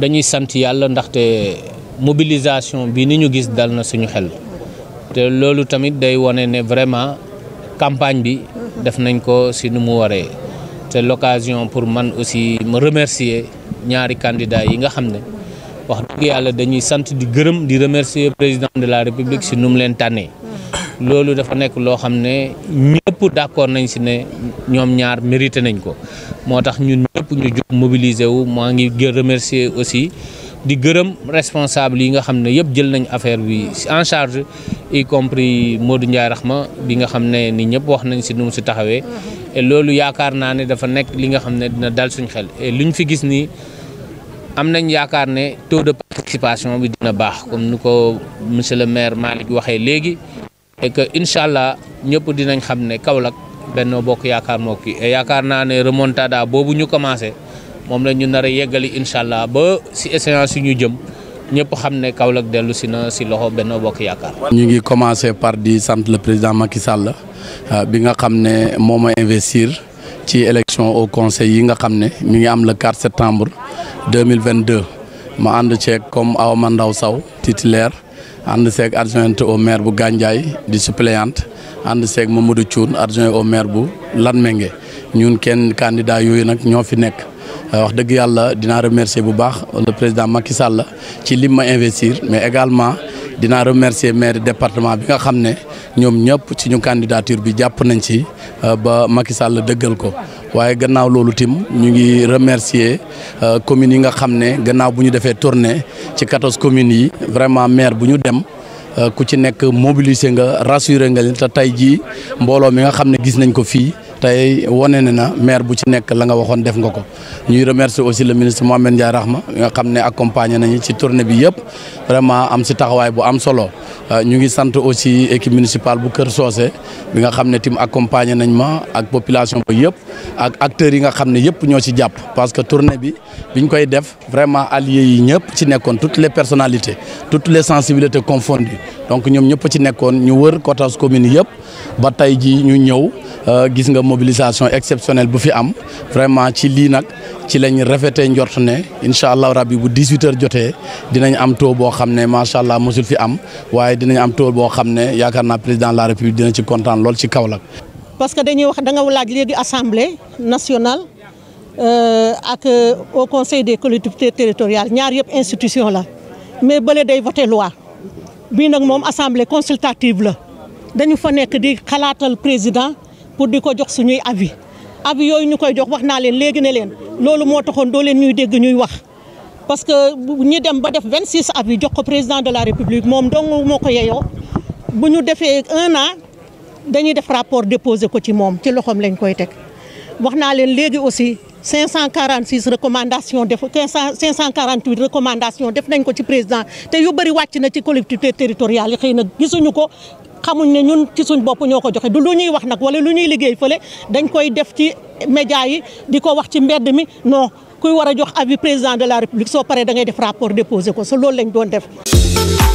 dañuy sant yàlla ndaxte mobilisation bi ni ñu gis dal na suñu xel te loolu tamit day wane ne vraiment campagne bi def nañ ko si nu mu waree te l'occasion pour man aussi ma remercier ñaari candidats yi nga xam ne wax dëgg yàlla dañuy sant di gërëm di remercier président de la république si nu mu leen tànnee loolu dafa nekk loo xam ne ñëpp d'accord nañ si ne ñoom ñaar mérité nañ ko moo tax ñun ñëpp ñu jóg mobiliser wu maa ngi remercier aussi di gërëm responsable yi nga xam ne yëpp jël nañu affaire bi en charge y compris Modou Ndiaye ma bi nga xam ne ni ñëpp wax nañ si nu si taxawee loolu yaakaar naa ne dafa nekk li nga xam ne dina dal suñ xel et luñ fi gis nii am nañ yaakaar ne taux de participation bi dina baax comme nu ko monsieur le maire Malick waxee léegi et que incha allah ñëpp dinañ xam ne Kaolack benn Bokk Yaakaar moo kii et yaakaar naa ne remontada boobu ñu commencé moom la ñu nar a yeggali incha allah ba si échéance si ñu jëm ñëpp xam ne Kaolack dellu si na si loxo Benno Bokk Yaakaar. ñu ngi commencé par di sant le président Macky Sall euh, bi nga xam ne moom ma investir ci élection au conseil yi nga xam ne mi ngi am le 4 septembre 2022. ma ànd ceeg comme aw ma ndaw saw titulaire ànd seeg adjointe au maire bu Gandiaye di suppléante ànd seeg Mamadou Thioune adjoint au maire bu Latmingué ñun kenn candidat yooyu nag ñoo fi nekk euh, wax dëgg yàlla dina remercier bu baax le président Macky Sall ci lim ma investir mais également dinaa remercier maire département bi nga xam ne ñoom ñëpp ci ñu candidature bi jàpp nañ ci euh, ba Macky Sall dëggal ko waaye gannaaw loolu tim ñu ngi remercier euh, communes yi nga xam ne gannaaw bu ñu defee tournée ci quatorze communes yi vraiment maire bu ñu dem euh, ku ci nekk mobiliser nga rassurer nga leen te tey jii mbooloo mi nga xam ne gis nañ ko fii tey wane ne na maire bu ci nekk la nga waxoon def nga ko ñuy remercier aussi le ministre Mohamed Ndiaye Rahma nga xam ne accompagné nañu ci tournée bi yëpp vraiment am si taxawaay bu am solo. Euh, ñu ngi sant aussi équipe municipale bu Kër soose bi nga xam ne tim accompagné nañ ma ak population ba yëpp ak acteurs yi nga xam ne yëpp ñoo ci jàpp parce que tournée bi biñ koy def vraiment alliés yi ñëpp ci nekkoon toutes les personnalités toutes les sensibilités confondues donc ñoom ñëpp ci nekkoon ñu wër quatorze communes yëpp ba tey ji ñu ñëw euh, gis nga mobilisation exceptionnelle bu fi am vraiment ci lii nag ci lañ rafetee njort ne incha allah rabbi bu 18 jotee dinañ am taux boo xam ne macha mosul fi am dinañ am tool boo xam ne yaakaar naa président de la république dina ci kontaan lool ci Kaolack. parce que dañuy wax da nga laaj léegi assemblée nationale euh, ak euh, au conseil des collectivités territoriales ñaar yëpp institution la mais bële day voté loi bii nag moom assemblée consultative la dañu fa nekk di xalaatal président pour di ko jox suñuy avis avis yooyu ñu koy jox wax naa leen léegi ne leen loolu moo taxoon doo leen ñuy dégg ñuy wax parce que nous avons 26 avis au président de la république Nous avons fait un un an rapport déposé ko ci aussi 546 recommandations 548 recommandations def nañ ko ci président té yu bari wacc na ci collectivité territoriale nous gisunu ko xamuñ ñun ci suñ du wax wala liggéey kuy war a jox avis président de la république soo pare da ngay def rapport déposé ko so loolu lañ doon def